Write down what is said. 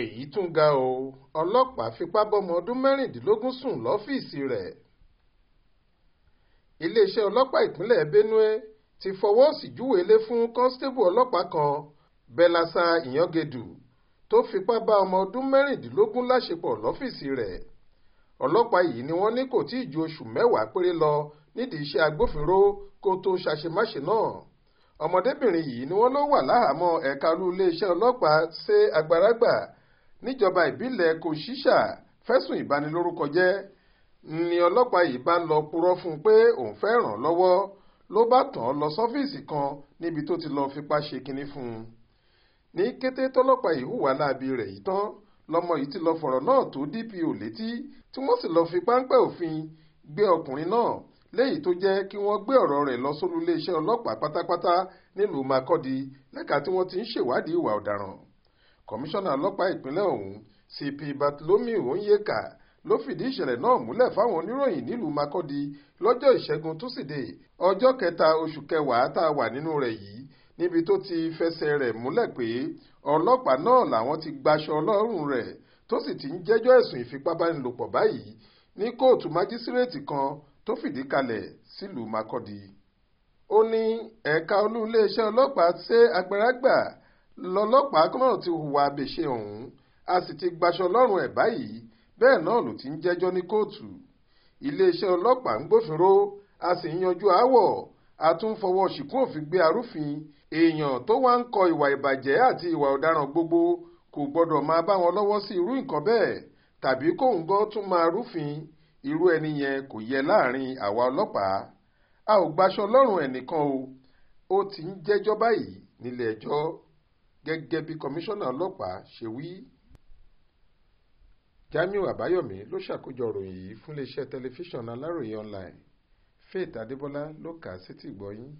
èyí tún ga o ọlọ́pàá fipá bọ́mọ ọdún mẹ́rìndínlógún sùn lọ́fíìsì rẹ̀ iléeṣẹ́ ọlọ́pàá ìpínlẹ̀ benue ti fọwọ́ síjúwe ilé fún kọ́ńsítébù ọlọ́pàá kan bẹ́làsà ìyàngẹ̀dù tó fipá bá ọmọ ọdún mẹ́rìndínlógún láṣepọ̀ lọ́fíìsì rẹ̀ ọlọ́pàá yìí ni wọ́n ní kò tí ì ju oṣù mẹ́wàá péré lọ nídìí iṣẹ́ agbófinró kó tó ṣàṣemáṣe náà ọmọdébìnrin yìí ni wọ́n ló wà láhàámọ́ ẹ̀ka olú iléeṣẹ́ ọlọ́pàá ṣe agbárágbà níjọba ìbílẹ̀ kòṣíṣà fẹ̀sùn ìbanilórúkọjẹ́ ni ọlọ́pàá yìí bá lọ purọ́ fún un pé òun fẹ́ ràn lọ́wọ́ ló bá tàn án lọ sọ́fíìsì kan níbi tó ti lọ́ọ́ fipá ṣe kinní fún un ní kété tọ́lọ́pàá yìí hùwà láabi rẹ̀ yìí tán lọ́mọ yìí ti lọ fọ̀rọ̀ náà tó DPO létí tí wọ́n sì lọ́ọ́ fi páńpẹ́ òfin gbé ọkùnrin náà léyìí tó jẹ́ kí wọ́n gbé ọ̀rọ̀ rẹ̀ lọ sólú iléeṣẹ́ ọlọ́pàá pátápátá nílùú Makurdi lẹ́ka tí wọ́n ti ń ṣèwádìí ìwà ọ̀daràn kọmíṣánná ọlọ́pàá ìpínlẹ̀ ọ̀hún cp bartolomeu onyeka ló fìdí ìṣẹ̀lẹ̀ náà múlẹ̀ fáwọn oníròyìn nílùú makọ́di lọ́jọ́ ìṣẹ́gun túsídẹ̀ẹ́ ọjọ́ kẹta oṣù kẹwàá tá a wà nínú rẹ̀ yìí níbi tó ti fẹsẹ̀ rẹ̀ múlẹ̀ pé ọlọ́pàá náà làwọn ti gbaṣọ ọlọ́run rẹ̀ tó sì ti ń jẹ́jọ́ ẹ̀sùn ìfipábánilòpọ̀ báyìí ní kóòtù májísírèètì kan tó fìdí kalẹ̀ sílùú makọ́di ó ní ẹ̀ka olú iléeṣẹ́ ọlọ́pàá ṣe agbára gbà lọ́lọ́pàá gómìnà ti hùwà àbèṣe ọ̀hún a sì ti gbaṣọ lọ́rùn ẹ̀ báyìí bẹ́ẹ̀ náà ló ti ń jẹ́jọ́ ní kóòtù iléeṣẹ́ ọlọ́pàá ń gbófinró a sì ń yanjú aáwọ̀ a tún ń fọwọ́ ṣìkún òfin gbé arúfin èèyàn tó wá ń kọ ìwà ìbàjẹ́ àti ìwà ọ̀daràn gbogbo kò gbọ́dọ̀ máa bá wọn lọ́wọ́ sí irú nǹkan bẹ́ẹ̀ tàbí kóun gan tún máa rúfin irú ẹni yẹn kò yẹ láàrin àwa ọlọ́pàá a ò gbaṣọ lọ́rùn ẹnìkan o ó ti ń jẹ́jọ́ báyìí nílé ẹjọ́ gẹ́gẹ́ bí kọmíṣánná ọlọ́pàá ṣe wí. Jamiu Àbáyọ̀mí ló ṣàkójọ ròyìn yìí fún iléeṣẹ́ tẹlifíṣàn Aláròye online Faith Adébọlá ló kà á sétígbọ̀ọ́ yín.